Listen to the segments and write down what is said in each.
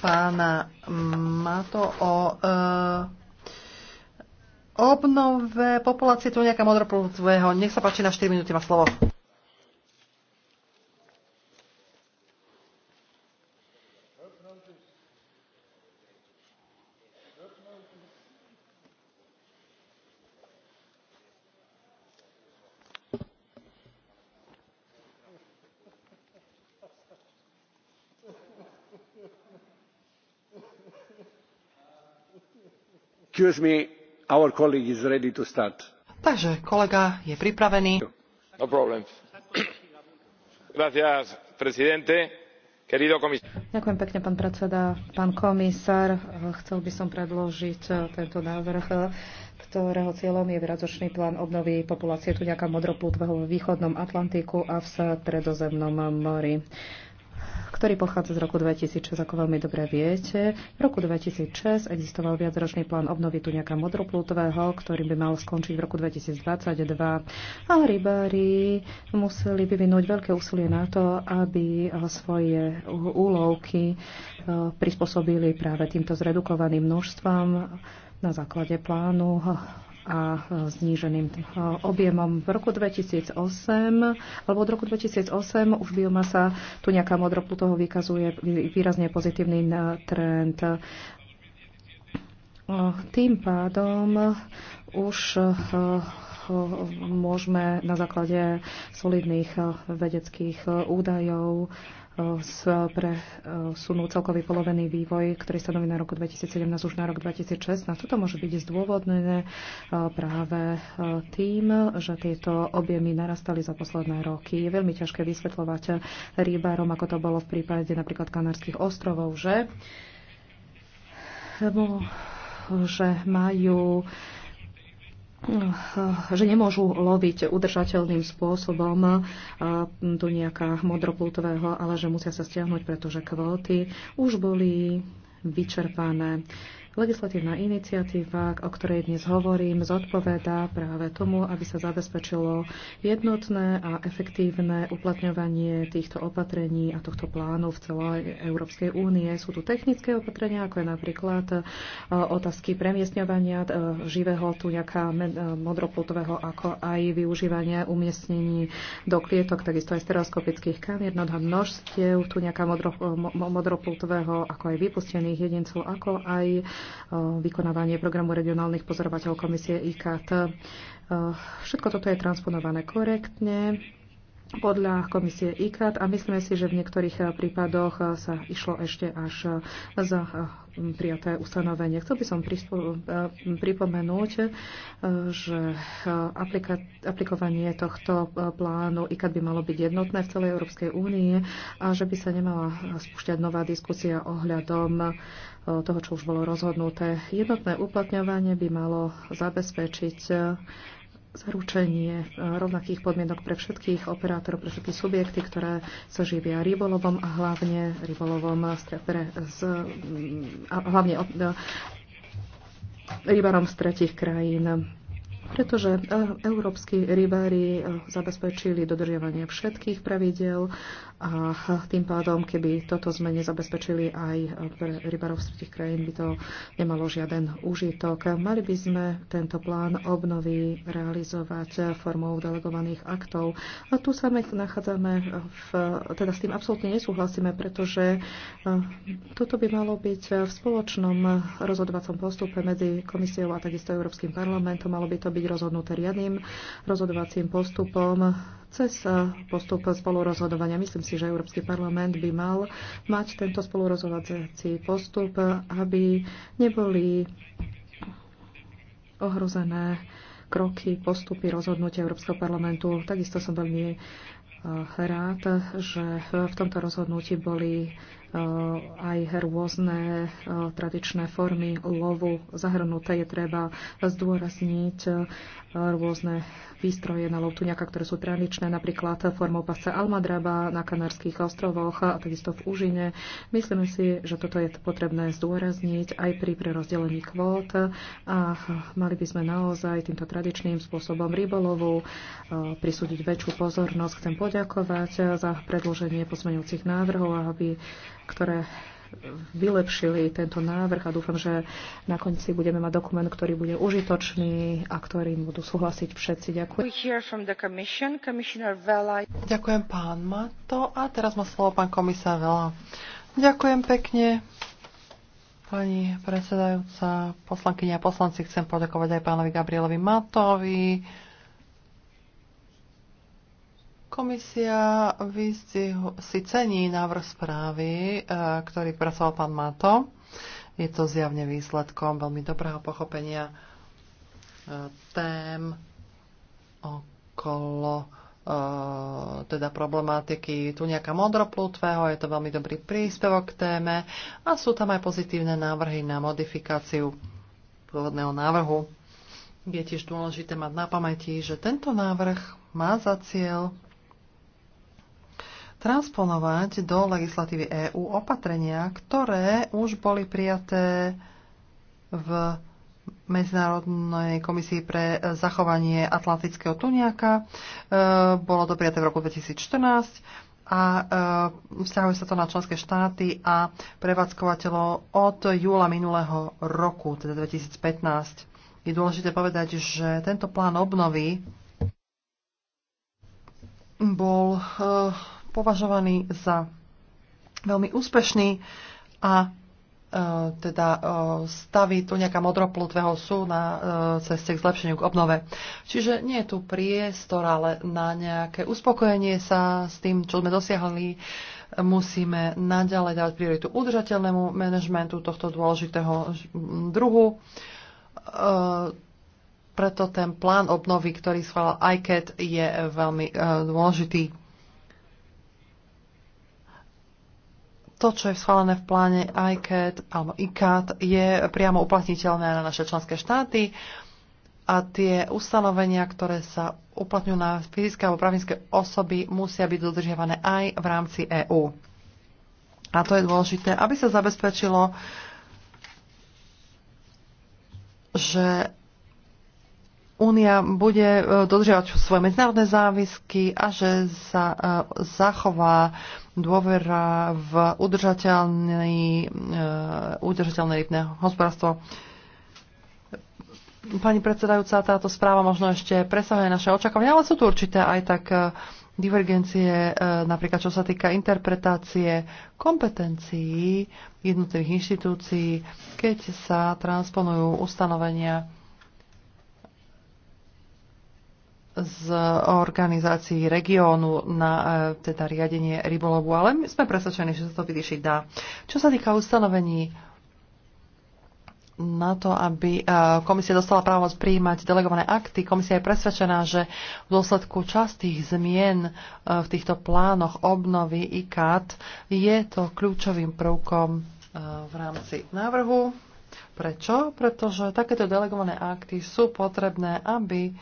pána Mato o e, obnove populácie tu nejaká modroplusvého. Nech sa páči, na 4 minúty má slovo. Excuse me, our colleague is ready to start. Takže kolega je pripravený. No problem. Gracias, presidente. Ďakujem pekne, pán predseda. Pán komisár, chcel by som predložiť eh, tento návrh, ktorého cieľom je výrazočný plán obnovy populácie tuňaka modroplútvého v východnom Atlantiku a v stredozemnom mori ktorý pochádza z roku 2006, ako veľmi dobre viete. V roku 2006 existoval viacročný plán obnovy tuňaka modroplutového, ktorý by mal skončiť v roku 2022. A rybári museli vyvinúť veľké úsilie na to, aby eh, svoje úlovky eh, prispôsobili práve týmto zredukovaným množstvom na základe plánu eh, a e, zníženým e, objemom. V roku 2008, alebo od roku 2008 už biomasa tu nejaká toho vykazuje výrazne pozitívny e, trend. Eh, tým pádom už eh, môžeme na základe solidných eh, vedeckých údajov presunúť celkový polovený vývoj, ktorý stanoví na roku 2017 už na rok 2016. Toto môže byť zdôvodnené práve tým, že tieto objemy narastali za posledné roky. Je veľmi ťažké vysvetľovať rybárom, ako to bolo v prípade napríklad Kanárskych ostrovov, že že majú že nemôžu loviť udržateľným spôsobom tu nejaká modropultového, ale že musia sa stiahnuť, pretože kvóty už boli vyčerpané. Legislatívna iniciatíva, o ktorej dnes hovorím, zodpovedá práve tomu, aby sa zabezpečilo jednotné a efektívne uplatňovanie týchto opatrení a tohto plánu v celej Európskej únie. Sú tu technické opatrenia, ako je napríklad e, otázky premiestňovania e, živého tuňaka e, modropultového, ako aj využívanie umiestnení do klietok, takisto aj stereoskopických kamier, množstiev tuňaka modropultového, ako aj vypustených jedincov, ako aj Eh, vykonávanie programu regionálnych pozorovateľov komisie IKT. Eh, všetko toto je transponované korektne podľa komisie IKAT a myslíme si, že v niektorých eh, prípadoch eh, sa išlo ešte až eh, za prijaté ustanovenie. Chcel by som pripomenúť, že aplikovanie tohto plánu IKAT by malo byť jednotné v celej Európskej únii a že by sa nemala spúšťať nová diskusia ohľadom toho, čo už bolo rozhodnuté. Jednotné uplatňovanie by malo zabezpečiť zaručenie eh, rovnakých podmienok pre všetkých operátorov, pre všetky subjekty, ktoré sa živia rybolovom a hlavne rybolovom pre, z, a hlavne od, eh, z tretich krajín. Pretože eh, európsky rybári zabezpečili dodržiavanie všetkých pravidel a tým pádom, keby toto sme nezabezpečili aj pre rybarov z tretich krajín, by to nemalo žiaden úžitok. Mali by sme tento plán obnovy realizovať formou delegovaných aktov. A tu sa nachádzame, v, teda s tým absolútne nesúhlasíme, pretože e, toto by malo byť v spoločnom rozhodovacom postupe medzi komisiou a takisto Európskym parlamentom. Malo by to byť rozhodnuté riadným rozhodovacím postupom cez postup spolurozhodovania. Myslím si, že Európsky parlament by mal mať tento spolurozhodovací postup, aby neboli ohrozené kroky, postupy, rozhodnutia Európskeho parlamentu. Takisto som veľmi eh, rád, že v tomto rozhodnutí boli eh, aj rôzne eh, tradičné formy lovu zahrnuté. Je treba zdôrazniť rôzne výstroje na Lovtuňaka, ktoré sú tradičné, napríklad formou pasce Almadraba na Kanárských ostrovoch a takisto v Užine. Myslíme si, že toto je potrebné zdôrazniť aj pri prerozdelení kvót a mali by sme naozaj týmto tradičným spôsobom rybolovu e, prisúdiť väčšiu pozornosť. Chcem poďakovať za predloženie pozmeňujúcich návrhov, aby, ktoré vylepšili tento návrh a dúfam, že na konci budeme mať dokument, ktorý bude užitočný a ktorým budú súhlasiť všetci. Ďakujem. Ďakujem pán Mato a teraz má slovo pán komisár Vela. Ďakujem pekne. Pani predsedajúca, poslankyňa a poslanci, chcem poďakovať aj pánovi Gabrielovi Matovi, Komisia si cení návrh správy, eh, ktorý pracoval pán Mato. Je to zjavne výsledkom veľmi dobrého pochopenia eh, tém okolo eh, teda problematiky tu nejaká modroplutvého, je to veľmi dobrý príspevok k téme a sú tam aj pozitívne návrhy na modifikáciu pôvodného návrhu. Je tiež dôležité mať na pamäti, že tento návrh má za cieľ transponovať do legislatívy EÚ opatrenia, ktoré už boli prijaté v Medzinárodnej komisii pre zachovanie atlantického tuniaka. E, bolo to prijaté v roku 2014 a e, vzťahuje sa to na členské štáty a prevádzkovateľov od júla minulého roku, teda 2015. Je dôležité povedať, že tento plán obnovy bol e, považovaný za veľmi úspešný a e, teda e, staví tu nejaká modroplutvého sú na e, ceste k zlepšeniu, k obnove. Čiže nie je tu priestor, ale na nejaké uspokojenie sa s tým, čo sme dosiahli, musíme naďalej dať prioritu udržateľnému manažmentu tohto dôležitého druhu. Preto ten plán obnovy, ktorý schválil ICAT, je veľmi dôležitý to, čo je schválené v pláne ICAT alebo ICAT, je priamo uplatniteľné na naše členské štáty a tie ustanovenia, ktoré sa uplatňujú na fyzické alebo právnické osoby, musia byť dodržiavané aj v rámci EÚ. A to je dôležité, aby sa zabezpečilo, že Únia bude e, dodržiavať svoje medzinárodné závisky a že sa e, zachová dôvera v e, udržateľné rybné hospodárstvo. Pani predsedajúca, táto správa možno ešte presahuje naše očakávania, ale sú tu určité aj tak divergencie, napríklad čo sa týka interpretácie kompetencií jednotlivých inštitúcií, keď sa transponujú ustanovenia z organizácií regiónu na e, teda riadenie rybolovu, ale my sme presvedčení, že sa to vyriešiť dá. Čo sa týka ustanovení na to, aby e, komisia dostala právo prijímať delegované akty. Komisia je presvedčená, že v dôsledku častých zmien e, v týchto plánoch obnovy IKAT je to kľúčovým prvkom v rámci návrhu. Prečo? Pretože takéto delegované akty sú potrebné, aby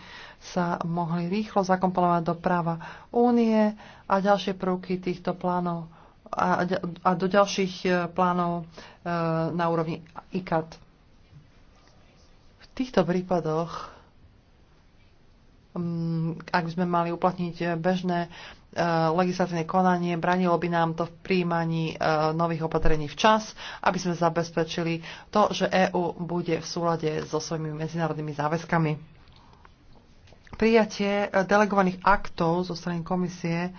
sa mohli rýchlo zakomponovať do práva únie a ďalšie prvky týchto plánov a, a do ďalších e, plánov e, na úrovni ICAT. V týchto prípadoch, mm, ak by sme mali uplatniť bežné e, legislatívne konanie, branilo by nám to v príjmaní nových opatrení včas, aby sme zabezpečili to, že EÚ bude v súlade so svojimi medzinárodnými záväzkami prijatie eh, delegovaných aktov zo strany komisie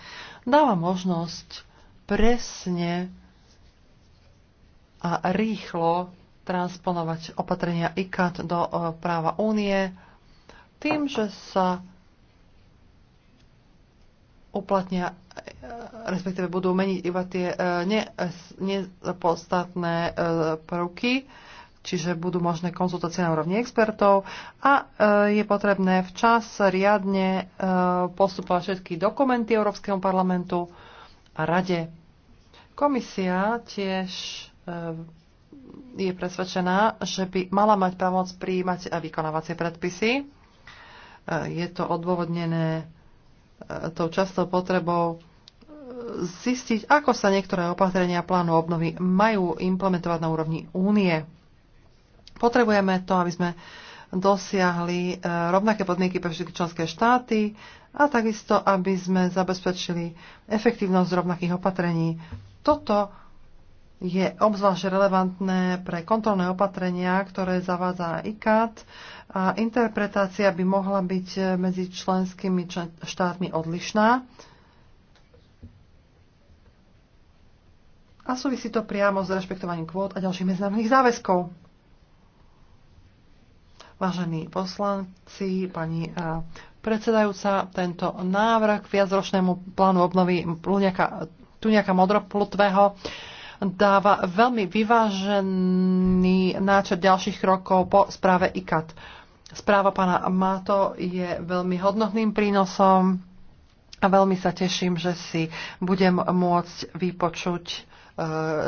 dáva možnosť presne a rýchlo transponovať opatrenia ICAT do eh, práva únie tým, že sa uplatnia, eh, respektíve budú meniť iba tie nepodstatné prvky čiže budú možné konzultácie na úrovni expertov a e, je potrebné včas riadne e, postupovať všetky dokumenty Európskeho parlamentu a rade. Komisia tiež e, je presvedčená, že by mala mať pomoc prijímať a vykonávacie predpisy. Je to odôvodnené tou častou potrebou zistiť, ako sa niektoré opatrenia plánu obnovy majú implementovať na úrovni únie. Potrebujeme to, aby sme dosiahli e, rovnaké podmienky pre všetky členské štáty a takisto, aby sme zabezpečili efektívnosť rovnakých opatrení. Toto je obzvlášť relevantné pre kontrolné opatrenia, ktoré zavádza ICAT a interpretácia by mohla byť e, medzi členskými štátmi odlišná. A súvisí to priamo s rešpektovaním kvót a ďalších medzinárodných záväzkov. Vážení poslanci, pani e, predsedajúca, tento návrh k viacročnému plánu obnovy Tuňaka Modroplutvého dáva veľmi vyvážený náčrt ďalších krokov po správe ICAT. Správa pána Mato je veľmi hodnotným prínosom a veľmi sa teším, že si budem môcť vypočuť e,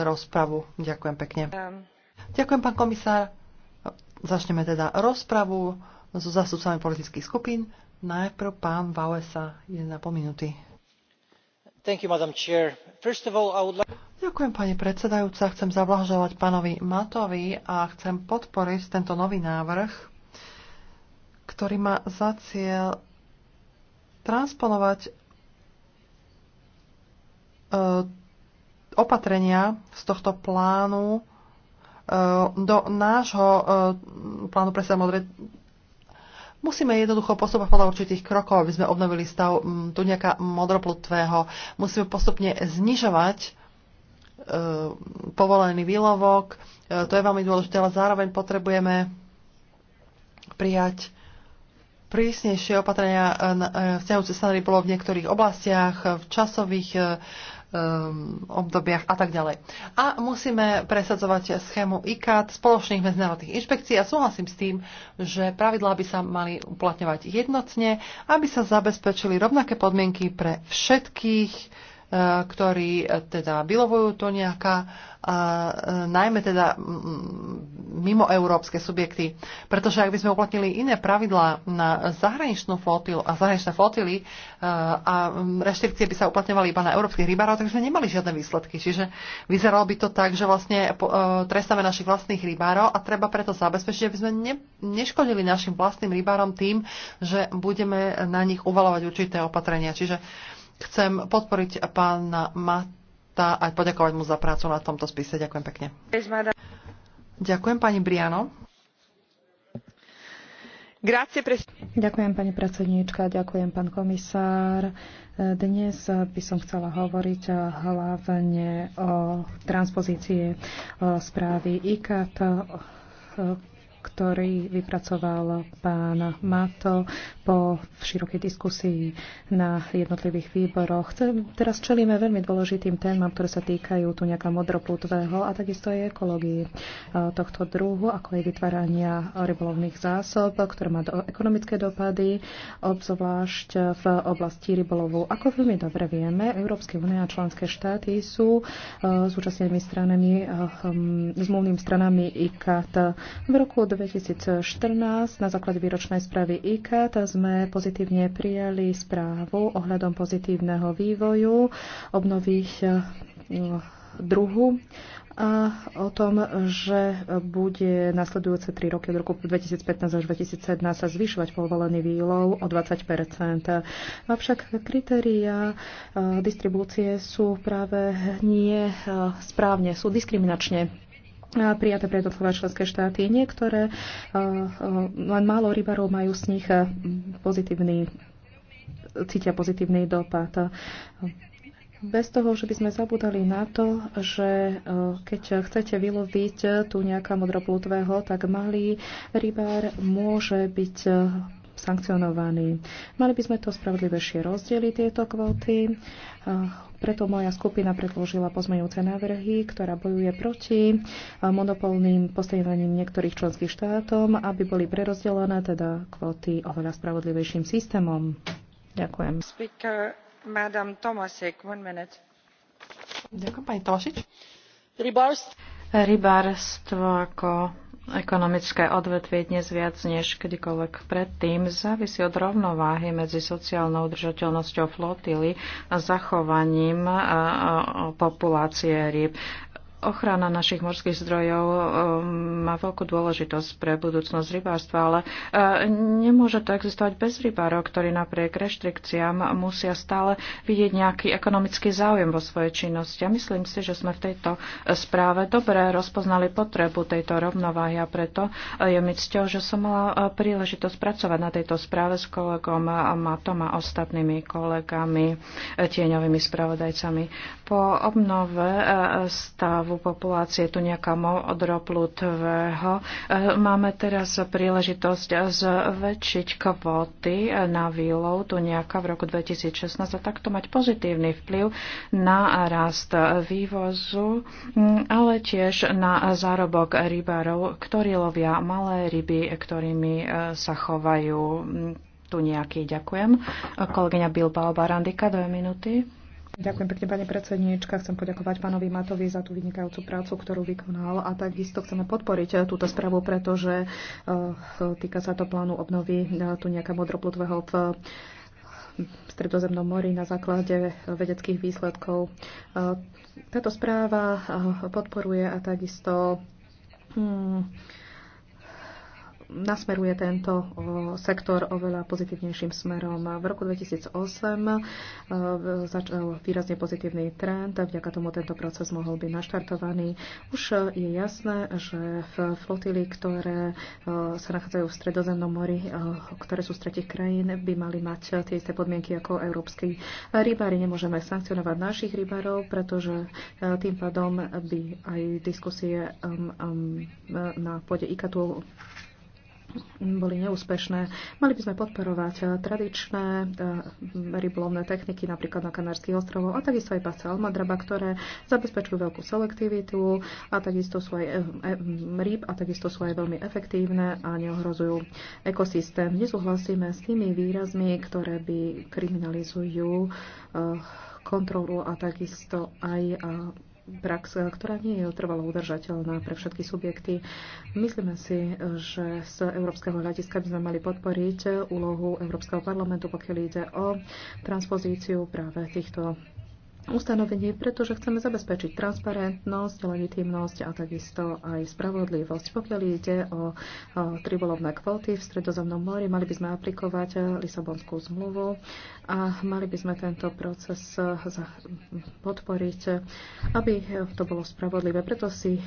rozpravu. Ďakujem pekne. Um. Ďakujem, pán komisár. Začneme teda rozpravu so zastupcami politických skupín. Najprv pán Vauesa, 1,5 minúty. You, all, like... Ďakujem, pani predsedajúca. Chcem zavlažovať pánovi Matovi a chcem podporiť tento nový návrh, ktorý má za cieľ transponovať e, opatrenia z tohto plánu E, do nášho e, plánu pre modré Musíme jednoducho postupovať podľa určitých krokov, aby sme obnovili stav tu nejaká modroplutvého. Musíme postupne znižovať e, povolený výlovok. To je veľmi dôležité, ale zároveň potrebujeme prijať prísnejšie opatrenia vzťahujúce sa na rybolov v niektorých oblastiach, v časových um, obdobiach a tak ďalej. A musíme presadzovať schému ICAT, spoločných medzinárodných inšpekcií a súhlasím s tým, že pravidlá by sa mali uplatňovať jednotne, aby sa zabezpečili rovnaké podmienky pre všetkých ktorí e, teda vylovujú tuniaka, e, najmä teda mimo európske subjekty. Pretože ak by sme uplatnili iné pravidlá na zahraničnú flotilu a zahraničné flotily e, a reštrikcie by sa uplatňovali iba na európskych rybárov, tak sme nemali žiadne výsledky. Čiže vyzeralo by to tak, že vlastne trestáme našich vlastných rybárov a treba preto zabezpečiť, aby sme ne, neškodili našim vlastným rybárom tým, že budeme na nich uvalovať určité opatrenia. Čiže Chcem podporiť pána Mata a poďakovať mu za prácu na tomto spise. Ďakujem pekne. Ďakujem pani Briano. Ďakujem pani predsedníčka, ďakujem pán komisár. Dnes by som chcela hovoriť hlavne o transpozície správy ICAT ktorý vypracoval pán Mato po širokej diskusii na jednotlivých výboroch. Teraz čelíme veľmi dôležitým témam, ktoré sa týkajú tu nejaká modroplutvého a takisto aj ekológii e, tohto druhu, ako je vytvárania rybolovných zásob, ktoré má do ekonomické dopady, obzvlášť v oblasti rybolovu. Ako veľmi dobre vieme, Európske únie a členské štáty sú zúčastnenými e, stranami, e, hm, zmluvnými stranami ICAT. V roku 2014 na základe výročnej správy ICAT sme pozitívne prijali správu ohľadom pozitívneho vývoju obnových eh, druhu a o tom, že bude nasledujúce 3 roky od roku 2015 až 2017 sa zvyšovať povolený výlov o 20 Avšak kritéria eh, distribúcie sú práve nie eh, správne, sú diskriminačne prijaté predotkové členské štáty. Niektoré, e, e, len málo rybarov majú z nich e, pozitívny, cítia pozitívny dopad. Bez toho, že by sme zabudali na to, že keď chcete vyloviť tu nejaká modroplutvého, tak malý rybár môže byť sankcionovaní. Mali by sme to spravodlivejšie rozdeliť, tieto kvóty. Preto moja skupina predložila pozmeňujúce návrhy, ktorá bojuje proti monopolným postavením niektorých členských štátom, aby boli prerozdelené teda kvóty oveľa spravodlivejším systémom. Ďakujem. Speaker, Madam Tomasek, one minute. Ďakujem, pani Tomašič. Rybárstvo ako Ekonomické odvetvie dnes viac než kedykoľvek predtým závisí od rovnováhy medzi sociálnou udržateľnosťou flotily a zachovaním populácie rýb. Ochrana našich morských zdrojov um, má veľkú dôležitosť pre budúcnosť rybárstva, ale uh, nemôže to existovať bez rybárov, ktorí napriek reštrikciám musia stále vidieť nejaký ekonomický záujem vo svojej činnosti. A myslím si, že sme v tejto uh, správe dobre rozpoznali potrebu tejto rovnováhy a preto uh, je mi cťou, že som mala príležitosť pracovať na tejto správe s kolegom Matom a ostatnými kolegami, tieňovými spravodajcami. Po obnove stav stavu populácie, tu nejaká modroplutvého. Eh, máme teraz príležitosť zväčšiť kvóty na výlov, tu nejaká v roku 2016 a takto mať pozitívny vplyv na rast vývozu, hm, ale tiež na zárobok rybárov, ktorí lovia malé ryby, ktorými eh, sa chovajú hm, tu nejaký. Ďakujem. Kolegyňa Bilbao Barandika, dve minúty. Ďakujem pekne, pani predsedníčka. Chcem poďakovať pánovi Matovi za tú vynikajúcu prácu, ktorú vykonal a takisto chceme podporiť túto správu, pretože eh, týka sa to plánu obnovy eh, tu nejaká modroplutvého v Stredozemnom mori na základe vedeckých výsledkov. Eh, táto správa podporuje a takisto hmm, nasmeruje tento sektor oveľa pozitívnejším smerom. V roku 2008 začal výrazne pozitívny trend, vďaka tomu tento proces mohol byť naštartovaný. Už e, je jasné, že flotily, ktoré sa nachádzajú v Stredozemnom mori, ktoré sú z tretich krajín, by mali mať e, tie isté podmienky ako európsky rybári. Nemôžeme sankcionovať našich rybárov, pretože e, tým pádom by aj diskusie na pôde IKATu boli neúspešné. Mali by sme podporovať eh, tradičné eh, rybolovné techniky, napríklad na Kanárských ostrovoch, a takisto aj pasce Almadraba, ktoré zabezpečujú veľkú selektivitu, a takisto sú aj eh, rýb, a takisto sú aj veľmi efektívne a neohrozujú ekosystém. Nesúhlasíme s tými výrazmi, ktoré by kriminalizujú kontrolu a takisto aj prax, eh, ktorá nie je trvalo udržateľná pre všetky subjekty. Myslíme si, že z európskeho hľadiska by sme mali podporiť eh, úlohu Európskeho parlamentu, pokiaľ ide o transpozíciu práve týchto Ustanovenie, pretože chceme zabezpečiť transparentnosť, legitimnosť a takisto aj spravodlivosť. Pokiaľ ide o, o tribolovné kvóty v Stredozemnom mori, mali by sme aplikovať e, Lisabonskú zmluvu a mali by sme tento proces e, podporiť, aby to bolo spravodlivé. Preto si e,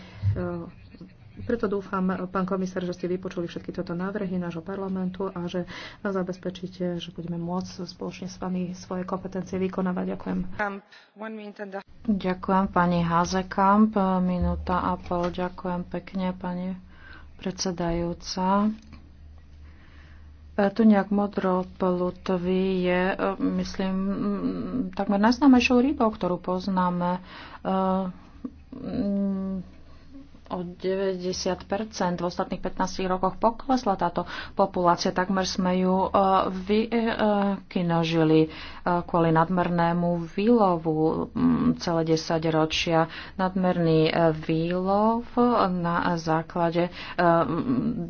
preto dúfam, pán komisár, že ste vypočuli všetky tieto návrhy nášho parlamentu a že zabezpečíte, že budeme môcť spoločne s vami svoje kompetencie vykonávať. Ďakujem. Ďakujem pani Hazekamp. Minúta a pol. Ďakujem pekne, pani predsedajúca. modro modroplutový je, e, myslím, takmer najznámejšou rybou, ktorú poznáme e, 90 v ostatných 15 rokoch poklesla táto populácia. Takmer sme ju e, vykinožili e, kvôli nadmernému výlovu celé 10 ročia. Nadmerný e, výlov na základe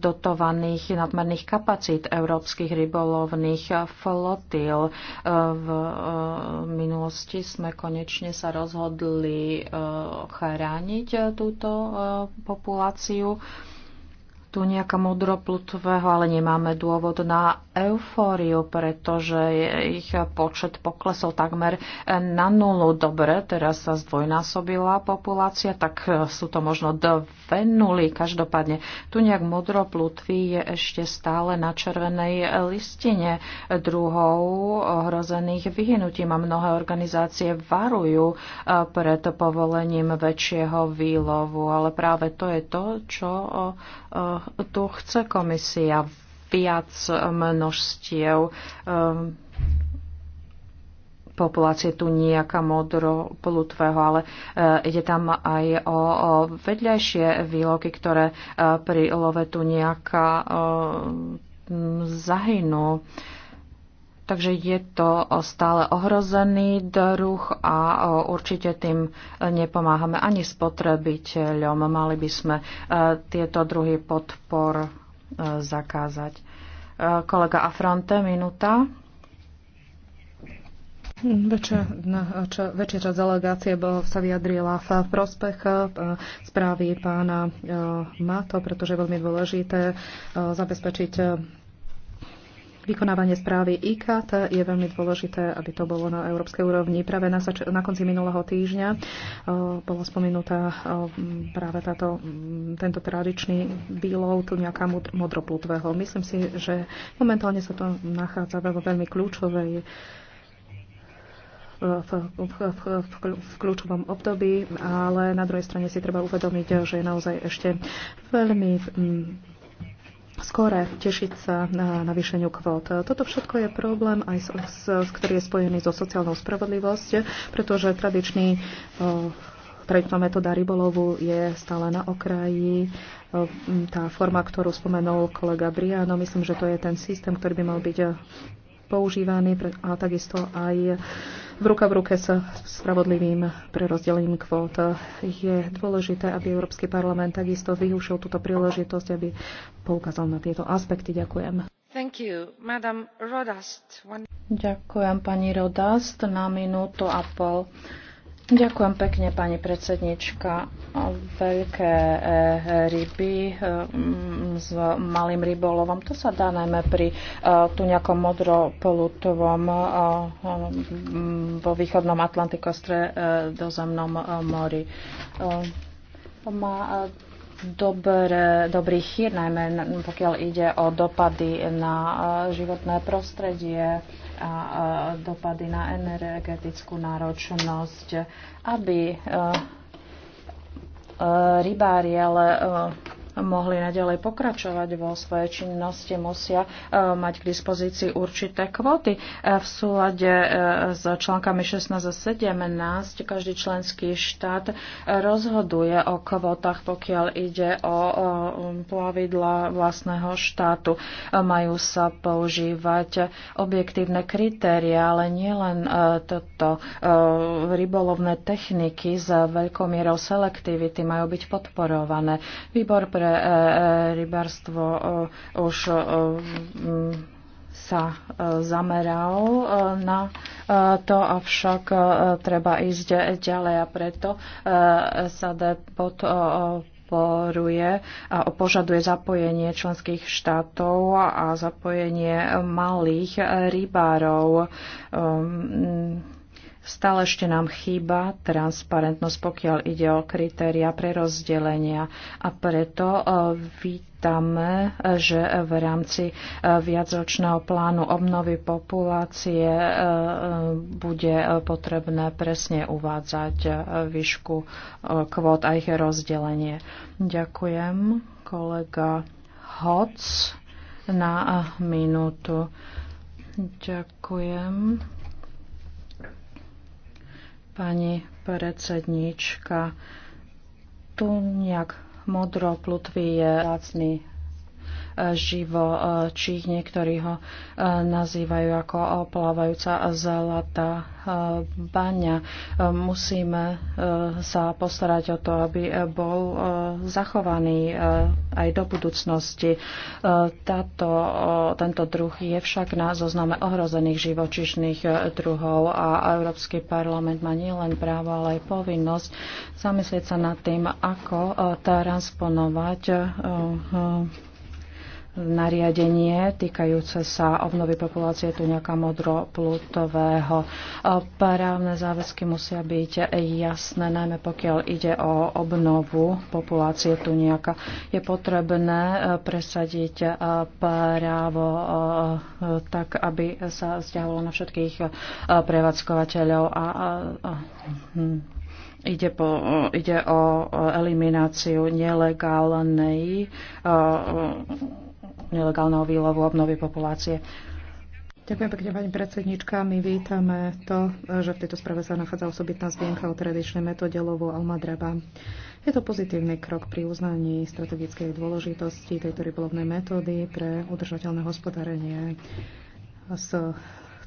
dotovaných nadmerných kapacít európskych rybolovných flotil. V minulosti sme konečne sa rozhodli chrániť túto populáciu tu nejaká modroplutvého, ale nemáme dôvod na eufóriu, pretože ich počet poklesol takmer na nulu. Dobre, teraz sa zdvojnásobila populácia, tak sú to možno dve nuly. Každopádne, tu nejak modroplutví je ešte stále na červenej listine druhov ohrozených vyhnutím a mnohé organizácie varujú eh, pred povolením väčšieho výlovu, ale práve to je to, čo eh, tu chce komisia viac množstiev. Ehm, populácie tu nejaká modro plutvého, ale eh, ide tam aj o, o vedľajšie výloky, ktoré eh, pri love tu nejaká ehm, zahynú. Takže je to stále ohrozený druh a e, určite tým nepomáhame ani spotrebiteľom. Mali by sme e, tieto druhy podpor e, zakázať. Kolega Afronte, minúta. Väčšia, časť delegácie bol, sa vyjadrila v prospech správy pána Mato, pretože je veľmi dôležité zabezpečiť Vykonávanie správy IKT je veľmi dôležité, aby to bolo na európskej úrovni. Práve na, zač- na konci minulého týždňa uh, bola spomenutá uh, práve táto, tento tradičný bílov, tu nejaká mud- modroplutvého. Myslím si, že momentálne sa to nachádza vo veľmi kľúčovej e, v, v, v, v kľúčovom období, ale na druhej strane si treba uvedomiť, že je naozaj ešte veľmi skore tešiť sa na navýšeniu kvót. Toto všetko je problém, aj s, s, ktorý je spojený so sociálnou spravodlivosť, pretože tradičný tradičná metóda rybolovu je stále na okraji. tá forma, ktorú spomenul kolega Briano, myslím, že to je ten systém, ktorý by mal byť používaný a takisto aj v ruka v ruke s spravodlivým prerozdelením kvót. Je dôležité, aby Európsky parlament takisto využil túto príležitosť, aby poukázal na tieto aspekty. Ďakujem. Thank you. Madam Rodast, one... Ďakujem pani Rodast na minútu a pol. Ďakujem pekne, pani predsednička. Veľké e, ryby e, s malým rybolovom, to sa dá najmä pri e, tu nejakom modropolutovom vo východnom Atlantikostre zemnom mori. Má dobr, dobrých chýr, najmä pokiaľ ide o dopady na e, životné prostredie a e, dopady na energetickú náročnosť, aby e, rybári, ale mohli naďalej pokračovať vo svojej činnosti, musia eh, mať k dispozícii určité kvóty. Eh, v súlade eh, s článkami 16 a 17 každý členský štát rozhoduje o kvótach, pokiaľ ide o um, plavidla vlastného štátu. Majú sa používať objektívne kritéria, ale nielen toto rybolovné techniky s veľkou mierou selektivity majú byť podporované. Výbor pre E, e, rybárstvo e, už sa zameral na to, avšak treba ísť ďalej a preto sa pod podporuje a požaduje zapojenie členských štátov a zapojenie malých rybárov Stále ešte nám chýba transparentnosť, pokiaľ ide o kritéria rozdelenia. a preto e, vítame, e, že v rámci e, viacročného plánu obnovy populácie bude potrebné presne uvádzať výšku kvót a ich rozdelenie. Ďakujem, kolega Hoc na minútu. Ďakujem pani predsednička. Tu nejak modro plutvy je rácný E, ich Niektorí ho e, nazývajú ako plávajúca zlatá e, baňa. Musíme sa postarať o to, aby bol zachovaný aj do budúcnosti. Táto, tento druh je však na zozname ohrozených živočišných druhov a Európsky parlament má nielen právo, ale aj povinnosť zamyslieť sa nad tým, ako transponovať nariadenie týkajúce sa obnovy populácie tuňaka modroplutového. Právne záväzky musia byť jasné, najmä pokiaľ ide o obnovu populácie tuňaka. Je potrebné eh, presadiť eh, právo eh, tak, aby sa vzťahovalo na všetkých prevádzkovateľov a, a, a hm, Ide, po, ide o elimináciu nelegálnej nelegálneho výlovu obnovy populácie. Ďakujem pekne, pani predsednička. My vítame to, že v tejto správe sa nachádza osobitná zmienka o tradičnej metóde lovu Almadreba. Je to pozitívny krok pri uznaní strategickej dôležitosti tejto rybolovnej metódy pre udržateľné hospodárenie s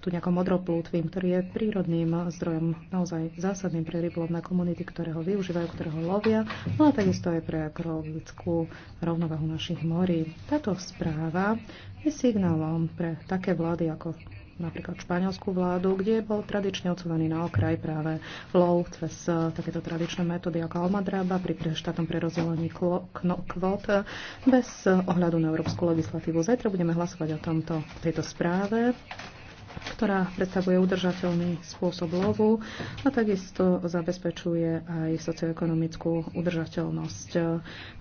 tu nejakom modroplútvim, ktorý je prírodným zdrojom naozaj zásadným pre rybolovné komunity, ktoré ho využívajú, ktoré ho lovia, no ale takisto aj pre ekologickú rovnovahu našich morí. Táto správa je signálom pre také vlády ako napríklad španielskú vládu, kde bol tradične odsúvaný na okraj práve lov cez takéto tradičné metódy ako Almadraba pri štátom pre rozdelení kvót bez ohľadu na európsku legislatívu. Zajtra budeme hlasovať o tomto, tejto správe ktorá predstavuje udržateľný spôsob lovu a takisto zabezpečuje aj socioekonomickú udržateľnosť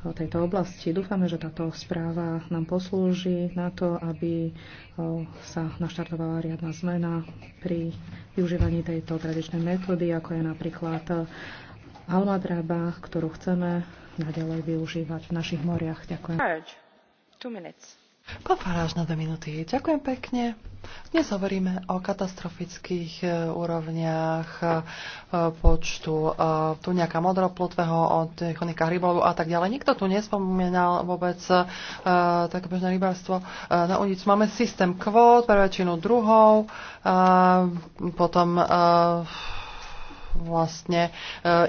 eh, tejto oblasti. Dúfame, že táto správa nám poslúži na to, aby eh, sa naštartovala riadna zmena pri využívaní tejto tradičnej metódy, ako je napríklad eh, almadraba, ktorú chceme naďalej využívať v našich moriach. Ďakujem. Two minutes. Pán na dve minúty. Ďakujem pekne. Dnes hovoríme o katastrofických e, úrovniach e, počtu e, tu nejaká modroplotvého, od chonika onikách a tak ďalej. Nikto tu nespomínal vôbec také bežné rybárstvo na unicu. Máme systém kvót pre väčšinu druhov, potom vlastne e,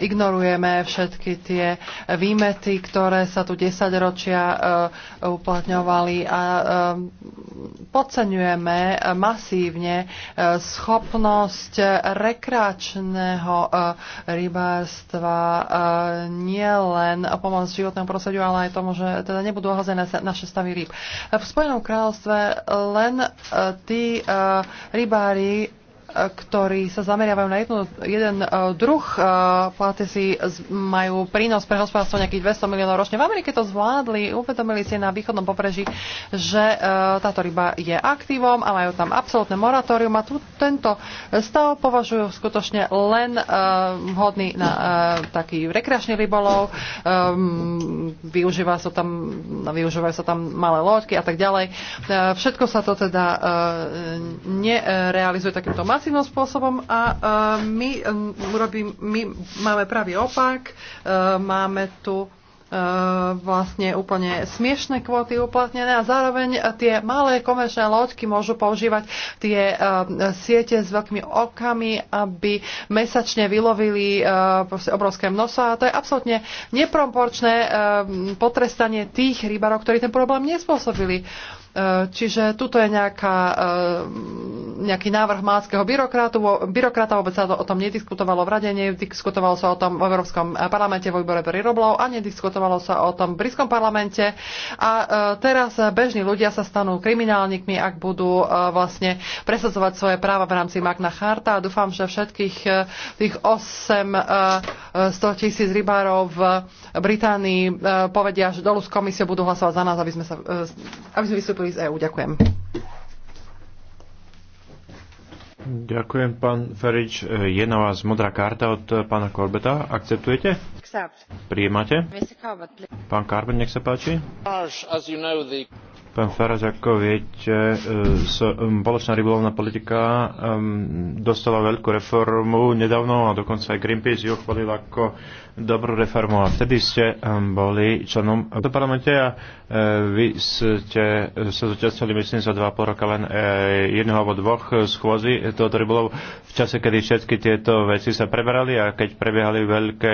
ignorujeme všetky tie výmety, ktoré sa tu desaťročia e, uplatňovali a e, podceňujeme masívne schopnosť rekreačného rybárstva nielen pomoc životnému prostrediu, ale aj tomu, že teda nebudú ohazené naše stavy rýb. V Spojenom kráľovstve len tí rybári ktorí sa zameriavajú na jednu, jeden uh, druh uh, e, platesy, majú prínos pre hospodárstvo nejakých 200 miliónov ročne. V Amerike to zvládli, uvedomili si na východnom pobreží, že uh, táto ryba je aktívom a majú tam absolútne moratórium a tu, tento stav považujú skutočne len uh, hodný na uh, taký rekreačný rybolov, um, využíva sa tam, využívajú sa tam malé loďky a tak ďalej. Uh, všetko sa to teda uh, nerealizuje takýmto masovým pasívnym spôsobom a e, my, e, urobím, my máme pravý opak, e, máme tu vlastne úplne smiešné kvóty uplatnené a zároveň tie malé komerčné loďky môžu používať tie siete s veľkými okami, aby mesačne vylovili obrovské množstvo a to je absolútne neproporčné potrestanie tých rybarov, ktorí ten problém nespôsobili. E, čiže tuto je nejaká, e, nejaký návrh máckého byrokratu, byrokrata, vôbec sa o tom nediskutovalo v rade, nediskutovalo sa o tom v Európskom parlamente vo výbore pre Roblov a nediskutovalo sa o tom v Britskom parlamente. A e, teraz bežní ľudia sa stanú kriminálnikmi, ak budú vlastne presadzovať svoje práva v rámci Magna Charta. A dúfam, že všetkých tých 800 tisíc rybárov v Británii povedia, že dolu s komisiou budú hlasovať za nás, aby sme, sa, aby sme vystúpili vyplývajú z EÚ. Ďakujem. Ďakujem, pán Ferič. E, je na vás modrá karta od e, pána Korbeta. Akceptujete? Príjemate? Pán Karben, nech sa páči. Pán Faraž, ako viete, e, spoločná rybolovná politika dostala veľkú reformu nedávno a dokonca aj Greenpeace ju chválil ako dobrú reformu. A vtedy ste boli členom do parlamente a e, vy ste sa zúčastnili, myslím, za dva pol roka len e, jedného alebo dvoch schôzy tohoto rybolov v čase, kedy všetky tieto veci sa preberali a keď prebiehali veľké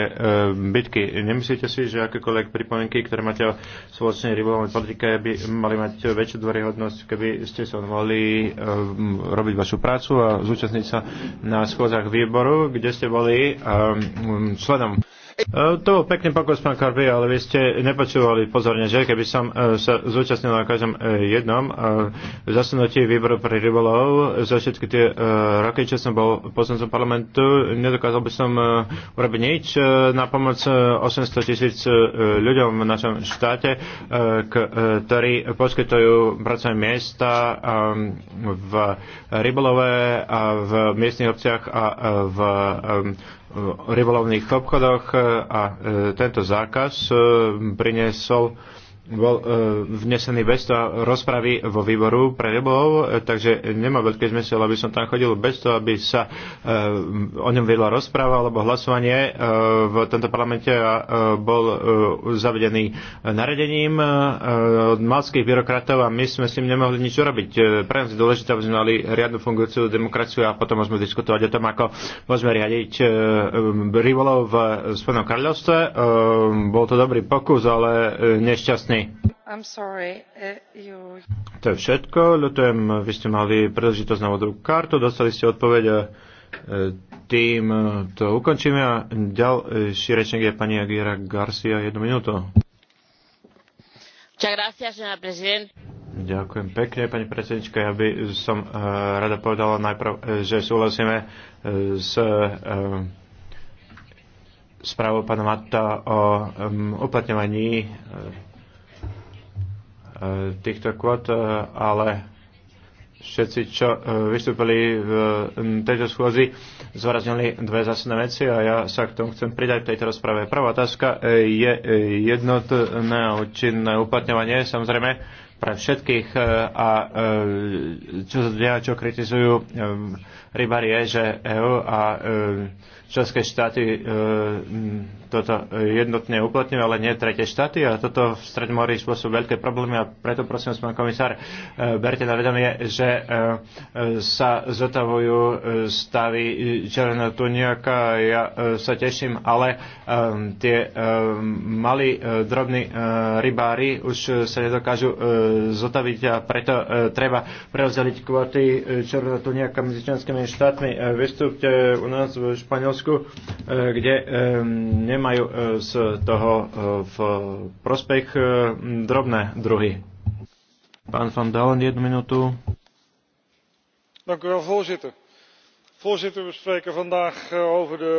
bitky. Nemyslíte si, že akékoľvek pripomienky, ktoré máte o spoločnej rybolovnej politike, by mali mať mať väčšiu dôryhodnosť, keby ste sa mohli uh, robiť vašu prácu a zúčastniť sa na schôzach výboru, kde ste boli um, členom. E, to bol pekný pokus, pán Karby, ale vy ste nepočúvali pozorne, že keby som e, sa zúčastnil na každom e, jednom zasunutí výboru pre rybolov za všetky tie roky, čo som bol poslancom parlamentu, nedokázal by som urobiť nič na pomoc 800 tisíc ľuďom v našom štáte, ktorí poskytujú pracovné miesta v rybolove a v miestnych obciach a v rybolovných obchodoch e, a e, tento zákaz e, priniesol bol e, vnesený bez toho rozpravy vo výboru pre rybolov, e, takže nemá veľký zmysel, aby som tam chodil bez toho, aby sa e, o ňom vedla rozpráva alebo hlasovanie e, v tomto parlamente a e, bol e, zavedený naredením e, od malských byrokratov a my sme s tým nemohli nič urobiť. E, pre nás je dôležité, aby sme mali riadnu fungujúcu demokraciu a potom môžeme diskutovať o tom, ako môžeme riadiť e, rybolov v Spojenom kráľovstve. E, bol to dobrý pokus, ale e, nešťastný Sorry, uh, you... To je všetko. Ľutujem, vy ste mali príležitosť na modrú kartu, dostali ste odpoveď a e, tým to ukončíme. A ďalší rečník je pani Aguilera Garcia, jednu minútu. Ďakujem pekne, pani predsednička. Ja by som uh, rada povedala najprv, e, že súhlasíme s uh, správou pána Matta o um, uplatňovaní E, týchto kvot, e, ale všetci, čo e, vystúpili v tejto schôzi, zvoraznili dve zásadné veci a ja sa k tomu chcem pridať v tejto rozprave. Prvá otázka je jednotné a účinné uplatňovanie, samozrejme, pre všetkých a čo sa čo kritizujú rybári je, že EU a členské štáty toto e, jednotne uplatňujú, ale nie tretie štáty a toto v Stredmorí spôsobuje veľké problémy a preto prosím vás, pán komisár, e, berte na vedomie, že e, sa zotavujú stavy červeného tuniaka. Ja sa teším, ale tie malí drobní rybári už sa nedokážu zotaviť a preto treba preozdeliť kvoty červeného tuniaka medzi členskými štátmi. Vystúpte u nás v Španielsku, kde nemá majú e, z toho e, v prospech e, drobné druhy. Pán van Dalen, jednu minútu. Dank u wel, voorzitter. Voorzitter, we spreken vandaag over de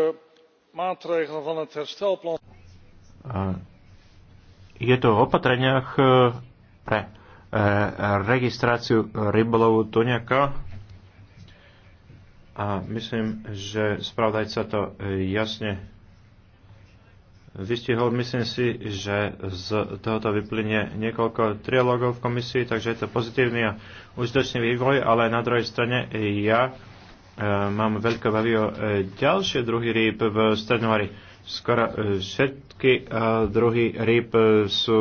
maatregelen van het herstelplan. Je to o opatreniach pre registráciu rybolovu tuňaka. A myslím, že spravodajca to jasne vystihol. Myslím si, že z tohoto vyplynie niekoľko trialogov v komisii, takže je to pozitívny a užitočný vývoj, ale na druhej strane ja e, mám veľké bavy o e, ďalšie druhy rýb v Strednomari. Skoro e, všetky druhy rýb sú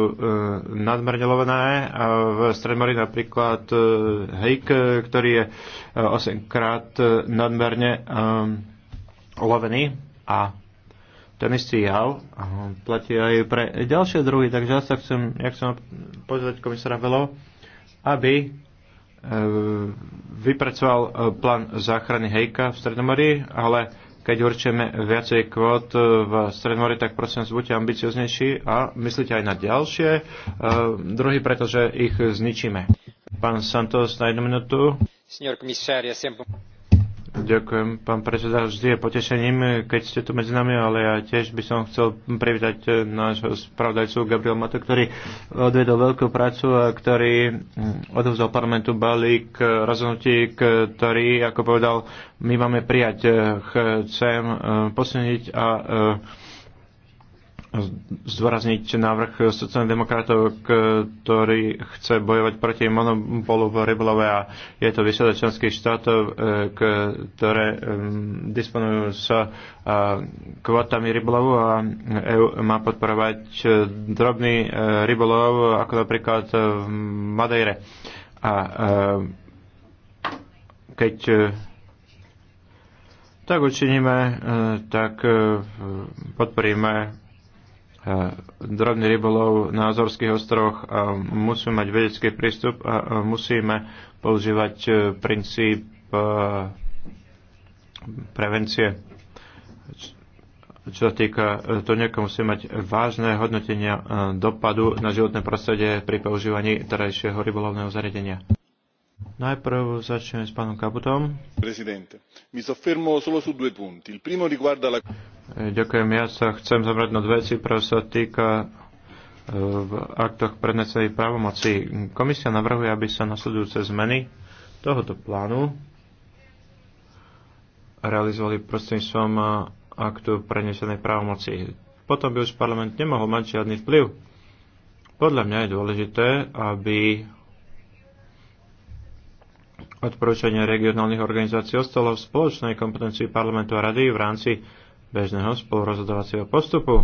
nadmerne lovené. V Stredmori napríklad hejk, ktorý je 8 krát nadmerne lovený a ten istý jav platí aj pre ďalšie druhy, takže ja sa chcem, ja chcem pozvať komisára Velo, aby e, vypracoval e, plán záchrany hejka v Stredomorí, ale keď určujeme viacej kvót e, v Stredomorí, tak prosím, buďte ambicioznejší a myslíte aj na ďalšie druhy, pretože ich zničíme. Pán Santos, na jednu minútu. Ďakujem, pán predseda. Vždy je potešením, keď ste tu medzi nami, ale ja tiež by som chcel privítať eh, nášho spravodajcu Gabriel Mato, ktorý odvedol veľkú prácu a ktorý hm, odovzdal parlamentu balík eh, rozhodnutí, ktorý, ako povedal, my máme prijať. Eh, chcem posilniť a zdôrazniť návrh sociálnych demokratov, ktorý chce bojovať proti monopolu rybolove a je to vysiela členských štátov, e, ktoré e, disponujú s e, kvotami rybolovu a EU má podporovať drobný rybolov, ako napríklad v Madejre. A keď tak učiníme, tak podporíme drobný rybolov na Azorských ostrovoch a musíme mať vedecký prístup a musíme používať e, princíp e, prevencie. Čo sa týka e, nejako, musí mať vážne hodnotenia dopadu na životné prostredie pri používaní terajšieho rybolovného zariadenia. Najprv začneme s pánom Kaputom. Presidente, mi soffermo solo su due punti. Il primo riguarda la... Eh, ďakujem, ja sa chcem zabrať na dve veci, ktorá sa týka eh, v aktoch prednesenej právomoci. Komisia navrhuje, aby sa nasledujúce zmeny tohoto plánu realizovali prostredníctvom eh, aktu prenesenej právomoci. Potom by už parlament nemohol mať žiadny vplyv. Podľa mňa je dôležité, aby Odporúčania regionálnych organizácií ostalo v spoločnej kompetencii parlamentu a rady v rámci bežného spolurozhodovacieho postupu.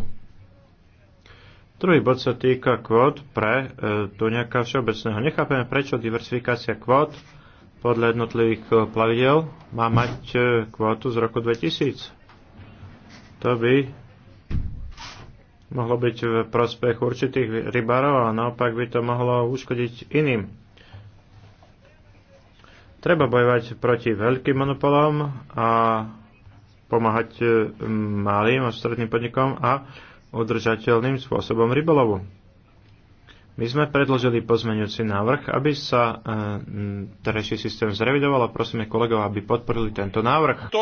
Druhý bod sa týka kvót pre e, tu nejaká všeobecného. Nechápeme, prečo diversifikácia kvót podľa jednotlivých e, plavidel má mať e, kvótu z roku 2000. To by mohlo byť v prospech určitých rybárov, ale naopak by to mohlo uškodiť iným Treba bojovať proti veľkým monopolom a pomáhať e, malým a stredným podnikom a udržateľným spôsobom rybolovu. My sme predložili pozmeňujúci návrh, aby sa e, terajší systém zrevidoval a prosíme kolegov, aby podporili tento návrh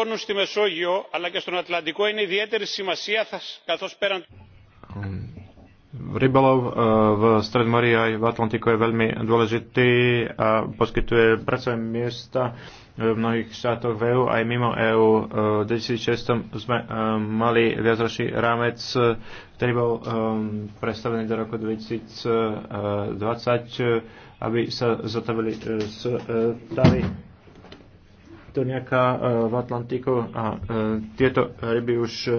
rybolov e, v Stredmorí aj v Atlantiku je veľmi dôležitý a poskytuje pracovné miesta e, v mnohých štátoch v EU aj mimo EU. E, v 2006 sme mali viacročný rámec, ktorý bol predstavený do roku 2020, aby sa zotavili stavy nejaká v Atlantiku a tieto ryby už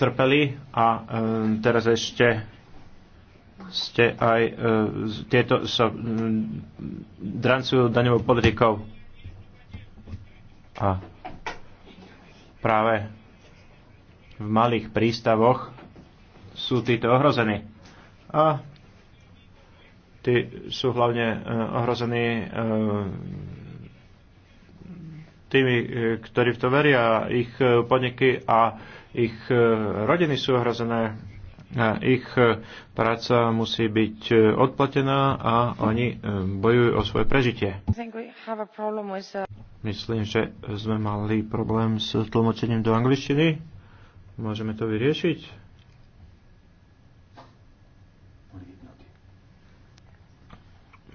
trpeli a teraz ešte ste aj e, tieto sa drancujú daňovou politikou. A práve v malých prístavoch sú títo ohrození. A tí sú hlavne e, ohrození e, tými, ktorí v to veria, ich podniky a ich eh, rodiny sú ohrozené, ich eh, práca musí byť eh, odplatená a oni bojujú o svoje prežitie. Myslím, že sme mali problém s tlmočením do angličtiny. Môžeme to vyriešiť?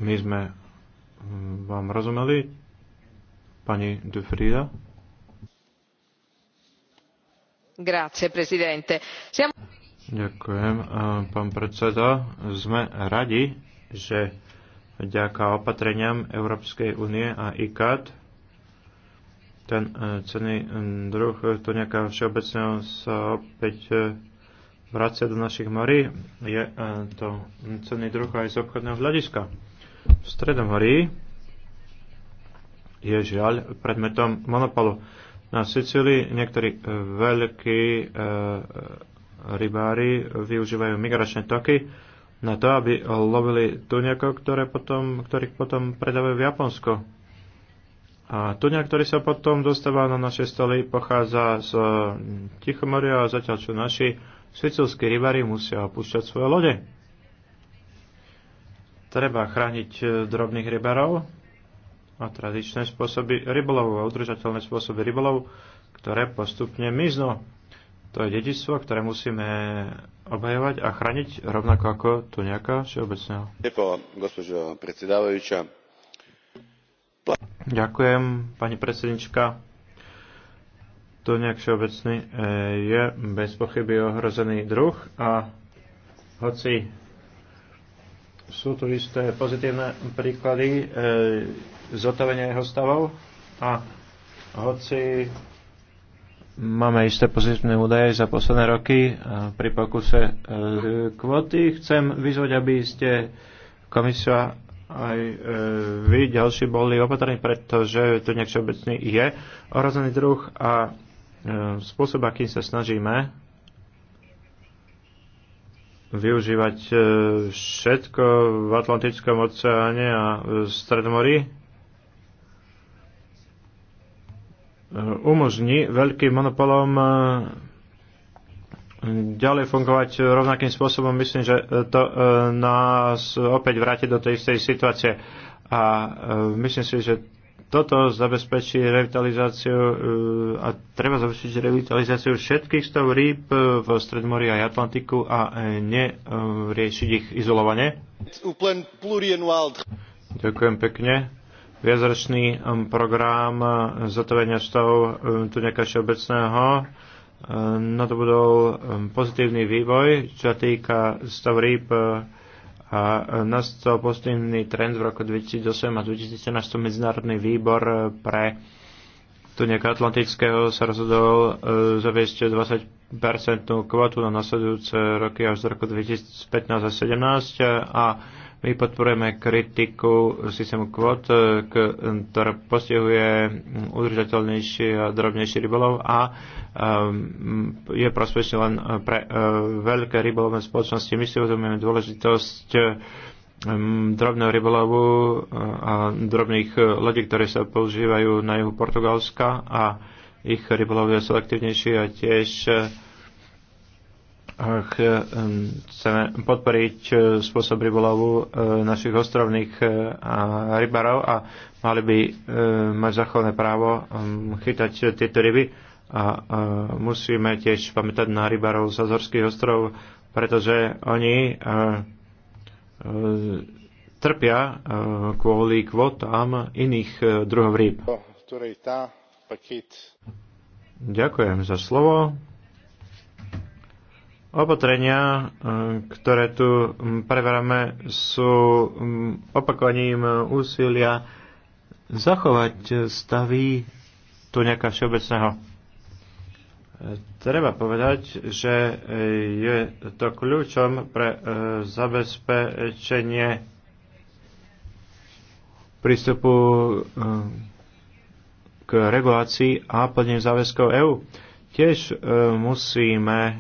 My sme mm, vám rozumeli, pani Dufrida. Ďakujem, eh, pán predseda. Sme radi, že vďaka opatreniam Európskej únie a ICAT ten eh, cený eh, druh to nejaká všeobecného sa opäť vracia do našich morí. Je to cenný druh aj z obchodného hľadiska. V Stredomorí je žiaľ predmetom monopolu. Na Sicílii niektorí e, veľkí e, e, rybári využívajú migračné toky na to, aby lovili tuniakov, ktoré potom, ktorých potom predávajú v Japonsko. A tuňa, ktorý sa potom dostáva na naše stoly, pochádza z Tichomoria, a zatiaľ čo naši sicilskí rybári musia opúšťať svoje lode. Treba chrániť drobných rybárov a tradičné spôsoby rybolovu a udržateľné spôsoby rybolovu, ktoré postupne miznú. To je dedictvo, ktoré musíme obhajovať a chrániť, rovnako ako tu nejaká všeobecného. Ďakujem, pani predsednička. To nejak všeobecný e, je bez pochyby ohrozený druh a hoci sú tu isté pozitívne príklady, e, zotavenia jeho stavov a hoci máme isté pozitívne údaje za posledné roky e, pri pokuse e, kvoty, chcem vyzvať, aby ste komisia aj e, vy ďalší boli opatrní, pretože to nejak všeobecný je ohrozený druh a e, spôsob, akým sa snažíme využívať e, všetko v Atlantickom oceáne a v Stredomorí, Eh, umožní veľkým monopolom eh, ďalej fungovať rovnakým spôsobom. Myslím, že eh, to nás opäť vráti do tej istej situácie. A myslím si, že toto zabezpečí revitalizáciu a treba zabezpečiť revitalizáciu všetkých stov rýb v Stredmori a Atlantiku a neriešiť ich izolovane. Ďakujem pekne viacročný um, program uh, zotovenia stavu um, Tuňaka Všeobecného uh, budol um, pozitívny vývoj, čo týka stav rýb uh, a nastal pozitívny trend v roku 2008 a 2017 Medzinárodný výbor pre Tuňaka Atlantického sa rozhodol zaviesť 20-percentnú kvotu na nasledujúce roky až z roku 2015 a 2017 a my podporujeme kritiku systému kvót, ktorá postihuje udržateľnejší a drobnejší rybolov a um, je prospešný len pre uh, veľké rybolovné spoločnosti. My si uvedomujeme dôležitosť um, drobného rybolovu uh, a drobných uh, lodí, ktoré sa používajú na juhu Portugalska a ich rybolov je selektívnejší a tiež Eh, chceme podporiť eh, spôsob rybolovu eh, našich ostrovných rybarov a mali by mať zachované právo ehm, chytať tieto ryby a musíme tiež pamätať na rybarov z Azorských ostrov, pretože oni trpia kvôli kvotám iných druhov rýb. Ďakujem za slovo. Opatrenia, e, ktoré tu preveráme, sú opakovaním e, úsilia zachovať stavy tu nejaká všeobecného. E, treba povedať, že je to kľúčom pre zabezpečenie prístupu k regulácii a plneniu záväzkov EÚ. Tiež musíme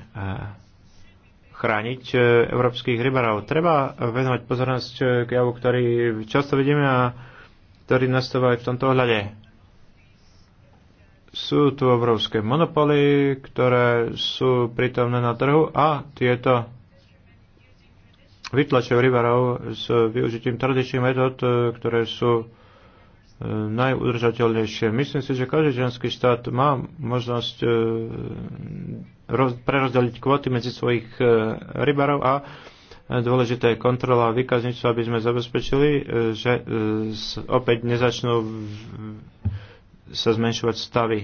chrániť e, európskych rybarov. Treba venovať pozornosť e, k javu, ktorý často vidíme a ktorý nastáva aj v tomto ohľade. Sú tu obrovské monopoly, ktoré sú prítomné na trhu a tieto vytlačujú rybarov s využitím tradičných metód, e, ktoré sú najudržateľnejšie. Myslím si, že každý ženský štát má možnosť e, prerozdeliť kvóty medzi svojich e, rybarov a e, dôležité je kontrola výkazníctva, aby sme zabezpečili, že opäť nezačnú sa zmenšovať stavy.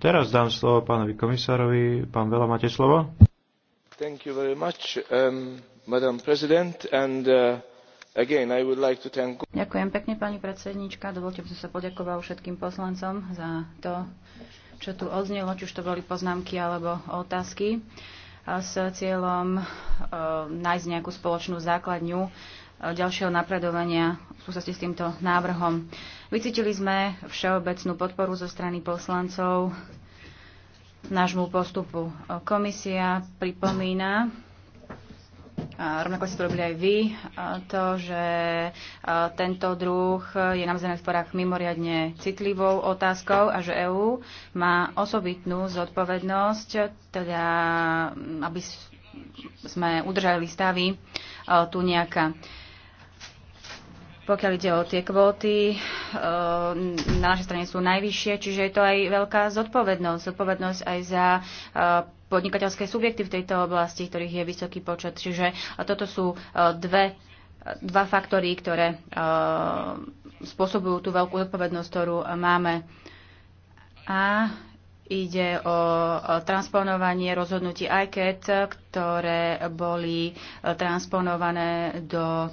Teraz dám slovo pánovi komisárovi. Pán Vela, máte slovo? Thank you very much, um, Madam President, and uh, Ďakujem pekne, pani predsednička. Dovolte, by som sa poďakoval všetkým poslancom za to, čo tu odznelo, či už to boli poznámky alebo otázky, s cieľom e, nájsť nejakú spoločnú základňu e, ďalšieho napredovania v súvislosti s týmto návrhom. Vycítili sme všeobecnú podporu zo strany poslancov nášmu postupu. Komisia pripomína, rovnako ste to robili aj vy, to, že tento druh je na v sporách mimoriadne citlivou otázkou a že EÚ má osobitnú zodpovednosť, teda aby sme udržali stavy tu nejaká. Pokiaľ ide o tie kvóty, na našej strane sú najvyššie, čiže je to aj veľká zodpovednosť. Zodpovednosť aj za podnikateľské subjekty v tejto oblasti, ktorých je vysoký počet. Čiže toto sú e, dve dva faktory, ktoré uh, spôsobujú tú veľkú odpovednosť, ktorú máme. A ide o transponovanie rozhodnutí ICAT, ktoré boli e, transponované do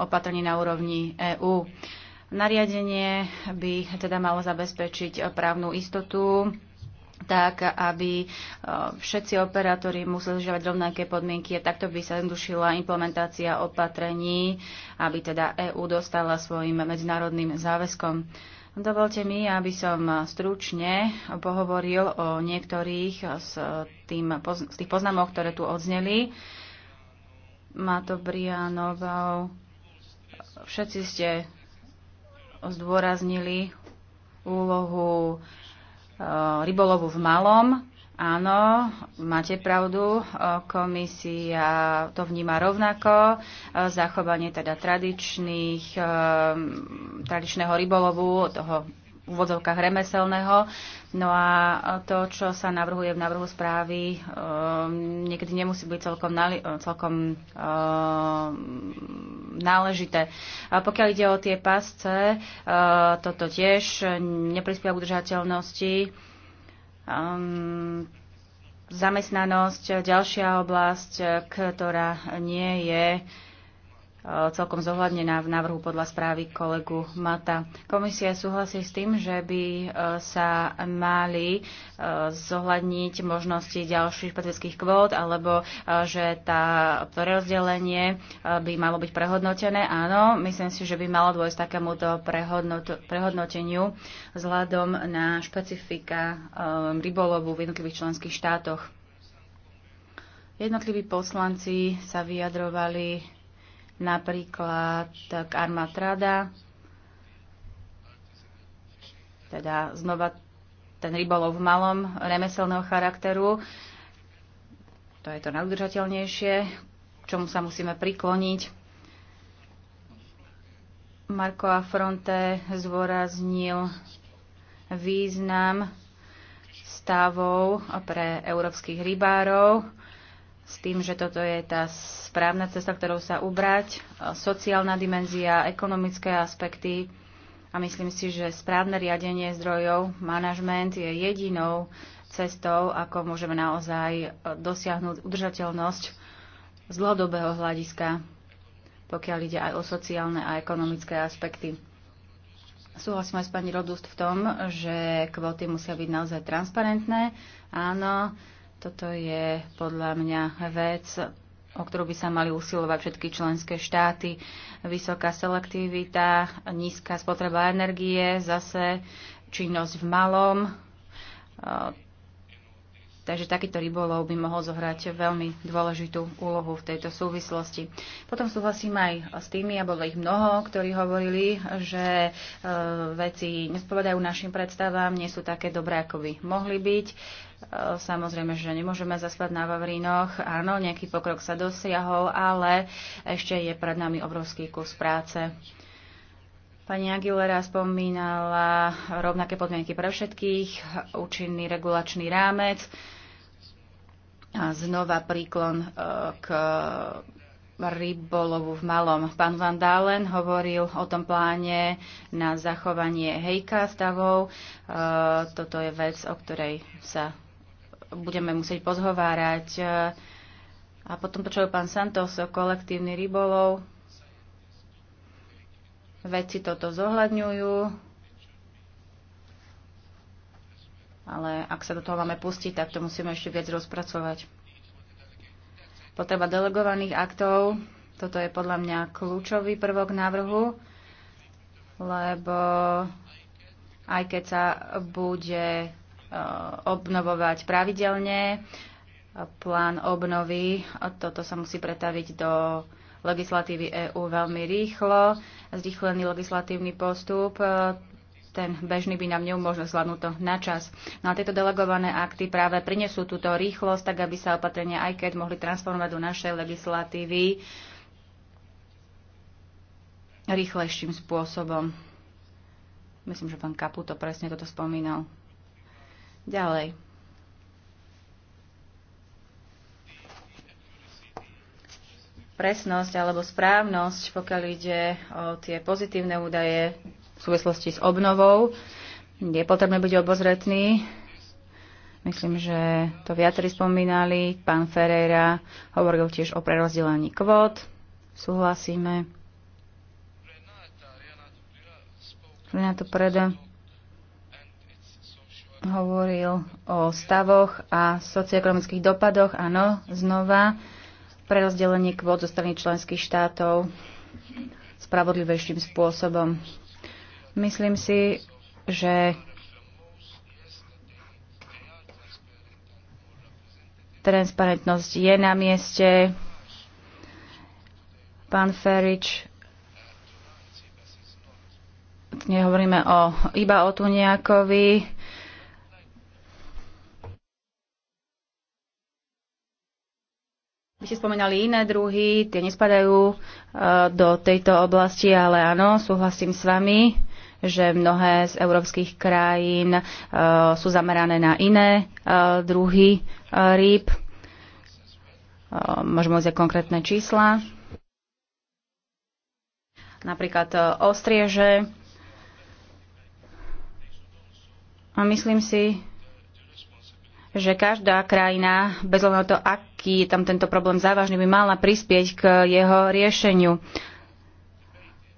opatrení na úrovni EÚ. Nariadenie by teda malo zabezpečiť právnu istotu tak, aby e, všetci operátori museli žiavať rovnaké podmienky a takto by sa zjednodušila implementácia opatrení, aby teda EÚ dostala svojim medzinárodným záväzkom. Dovolte mi, aby som stručne pohovoril o niektorých z, tým, z tých poznámok, ktoré tu odzneli. Má to Brianovou. Všetci ste zdôraznili úlohu Eh, rybolovu v malom. Áno, máte pravdu, eh, komisia to vníma rovnako, eh, zachovanie teda tradičných, tradičného rybolovu, toho úvodzovkách remeselného. No a to, čo sa navrhuje v návrhu správy, um, niekedy nemusí byť celkom, nali, celkom um, náležité. A pokiaľ ide o tie pasce, uh, toto tiež neprispieva k udržateľnosti um, zamestnanosť, ďalšia oblasť, ktorá nie je celkom zohľadnená v návrhu podľa správy kolegu Mata. Komisia súhlasí s tým, že by e, sa mali e, zohľadniť možnosti ďalších špecifických kvót, alebo e, že tá, to rozdelenie by malo byť prehodnotené. Áno, myslím si, že by malo dôjsť takémuto prehodnoteniu vzhľadom na špecifika rybolovu v jednotlivých členských štátoch. Jednotliví poslanci sa vyjadrovali napríklad k Armatrada, teda znova ten rybolov v malom remeselného charakteru. To je to najudržateľnejšie, k čomu sa musíme prikloniť. Marko Afronte zvoraznil význam stavov pre európskych rybárov s tým, že toto je tá správna cesta, ktorou sa ubrať, sociálna dimenzia, ekonomické aspekty a myslím si, že správne riadenie zdrojov, manažment je jedinou cestou, ako môžeme naozaj e, dosiahnuť udržateľnosť z dlhodobého hľadiska, pokiaľ ide aj o sociálne a ekonomické aspekty. Súhlasím aj s pani Rodust v tom, že kvóty musia byť naozaj transparentné. Áno, toto je podľa mňa vec, o ktorú by sa mali usilovať všetky členské štáty. Vysoká selektivita, nízka spotreba energie, zase činnosť v malom, Takže takýto rybolov by mohol zohrať veľmi dôležitú úlohu v tejto súvislosti. Potom súhlasím aj s tými, a bolo ich mnoho, ktorí hovorili, že e, veci nespovedajú našim predstavám, nie sú také dobré, ako by mohli byť. E, samozrejme, že nemôžeme zaspať na Vavrinoch. Áno, nejaký pokrok sa dosiahol, ale ešte je pred nami obrovský kus práce. Pani Aguilera spomínala rovnaké podmienky pre všetkých, účinný regulačný rámec. A znova príklon e, k rybolovu v malom. Pán Van Dalen hovoril o tom pláne na zachovanie hejka stavov. E, toto je vec, o ktorej sa budeme musieť pozhovárať. E, a potom počul pán Santos o kolektívny rybolov. Veci toto zohľadňujú ale ak sa do toho máme pustiť, tak to musíme ešte viac rozpracovať. Potreba delegovaných aktov, toto je podľa mňa kľúčový prvok návrhu, lebo aj keď sa bude e, obnovovať pravidelne, e, plán obnovy, toto sa musí pretaviť do legislatívy EÚ veľmi rýchlo. Zrýchlený legislatívny postup e, ten bežný by nám neumožnil zvládnuť to na čas. No a tieto delegované akty práve prinesú túto rýchlosť, tak aby sa opatrenia aj keď mohli transformovať do našej legislatívy rýchlejším spôsobom. Myslím, že pán Kaputo presne toto spomínal. Ďalej. Presnosť alebo správnosť, pokiaľ ide o tie pozitívne údaje, súvislosti s obnovou. Je potrebné byť obozretný. Myslím, že to viacerí spomínali. Pán Ferreira hovoril tiež o prerozdelení kvót. Súhlasíme. Renato Preda hovoril o stavoch a socioekonomických dopadoch. Áno, znova prerozdelenie kvót zo strany členských štátov spravodlivejším spôsobom. Myslím si, že transparentnosť je na mieste. Pán Ferič, nehovoríme o, iba o nejakovi. Vy ste spomenali iné druhy, tie nespadajú eh, do tejto oblasti, ale áno, súhlasím s vami že mnohé z európskych krajín e, sú zamerané na iné e, druhy e, rýb. Môžeme uziať konkrétne čísla. Napríklad ostrieže. A myslím si, že každá krajina, bez ohľadu na to, aký je tam tento problém závažný, by mala prispieť k jeho riešeniu.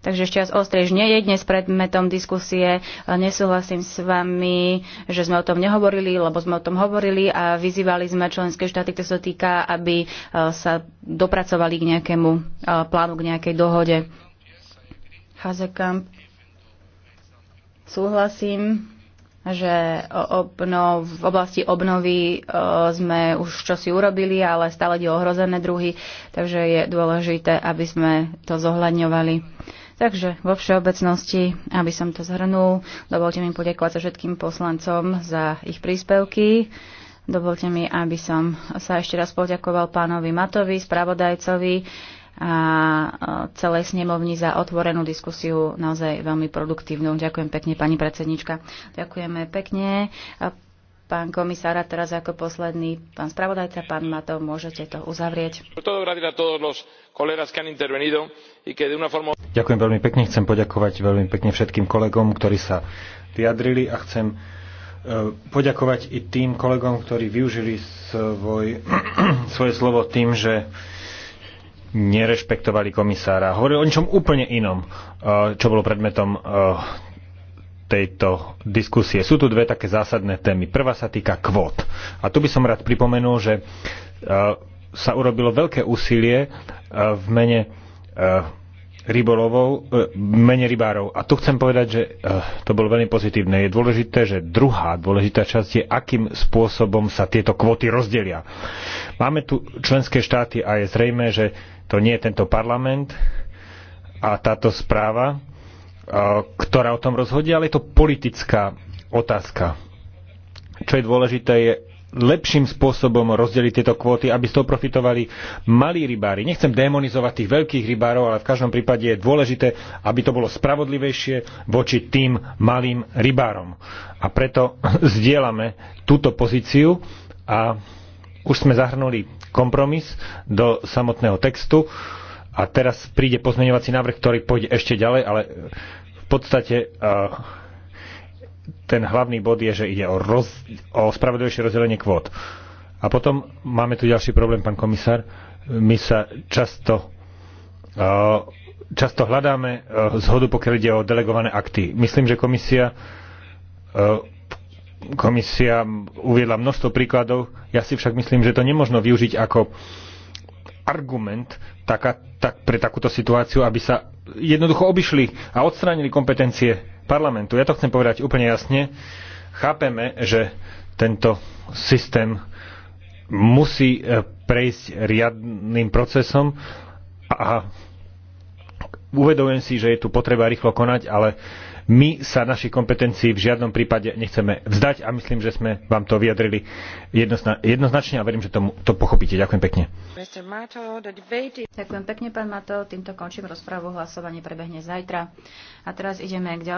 Takže ešte raz ostriež nie je dnes predmetom diskusie. Nesúhlasím s vami, že sme o tom nehovorili, lebo sme o tom hovorili a vyzývali sme členské štáty, ktoré sa týka, aby e, sa dopracovali k nejakému e, plánu, k nejakej dohode. Hazekamp, súhlasím že obnov, v oblasti obnovy e, sme už čosi urobili, ale stále je ohrozené druhy, takže je dôležité, aby sme to zohľadňovali. Takže vo všeobecnosti, aby som to zhrnul, dovolte mi poďakovať sa všetkým poslancom za ich príspevky. Dovolte mi, aby som sa ešte raz poďakoval pánovi Matovi, spravodajcovi a e, celej snemovni za otvorenú diskusiu, naozaj veľmi produktívnu. Ďakujem pekne, pani predsednička. Ďakujeme pekne pán komisára, teraz ako posledný pán spravodajca, pán Matov, môžete to uzavrieť. Ďakujem veľmi pekne, chcem poďakovať veľmi pekne všetkým kolegom, ktorí sa vyjadrili a chcem e, poďakovať i tým kolegom, ktorí využili svoj, svoje slovo tým, že nerešpektovali komisára. Hovorili o ničom úplne inom, e, čo bolo predmetom e, tejto diskusie. Sú tu dve také zásadné témy. Prvá sa týka kvót. A tu by som rád pripomenul, že e, sa urobilo veľké úsilie e, v mene e, rybolovov, mene rybárov. A tu chcem povedať, že to bolo veľmi pozitívne. Je dôležité, že druhá dôležitá časť je, akým spôsobom sa tieto kvóty rozdelia. Máme tu členské štáty a je zrejme, že to nie je tento parlament a táto správa, ktorá o tom rozhodí, ale je to politická otázka. Čo je dôležité, je lepším spôsobom rozdeliť tieto kvóty, aby z toho profitovali malí rybári. Nechcem demonizovať tých veľkých rybárov, ale v každom prípade je dôležité, aby to bolo spravodlivejšie voči tým malým rybárom. A preto zdieľame túto pozíciu a už sme zahrnuli kompromis do samotného textu a teraz príde pozmeňovací návrh, ktorý pôjde ešte ďalej, ale podstate e, ten hlavný bod je, že ide o, roz, o spravodlivejšie rozdelenie kvót. A potom máme tu ďalší problém, pán komisár. My sa často, e, často hľadáme e, zhodu, pokiaľ ide o delegované akty. Myslím, že komisia, komisia uviedla množstvo príkladov. Ja si však myslím, že to nemôžno využiť ako argument taká, tak, pre takúto situáciu, aby sa jednoducho obišli a odstránili kompetencie parlamentu. Ja to chcem povedať úplne jasne. Chápeme, že tento systém musí e, prejsť riadným procesom a uvedomujem si, že je tu potreba rýchlo konať, ale my sa našich kompetencií v žiadnom prípade nechceme vzdať a myslím, že sme vám to vyjadrili jednoznačne a verím, že tomu, to pochopíte. Ďakujem pekne. Ďakujem pekne, pán Mato. Týmto končím rozpravu. Hlasovanie prebehne zajtra. A teraz ideme k ďalším.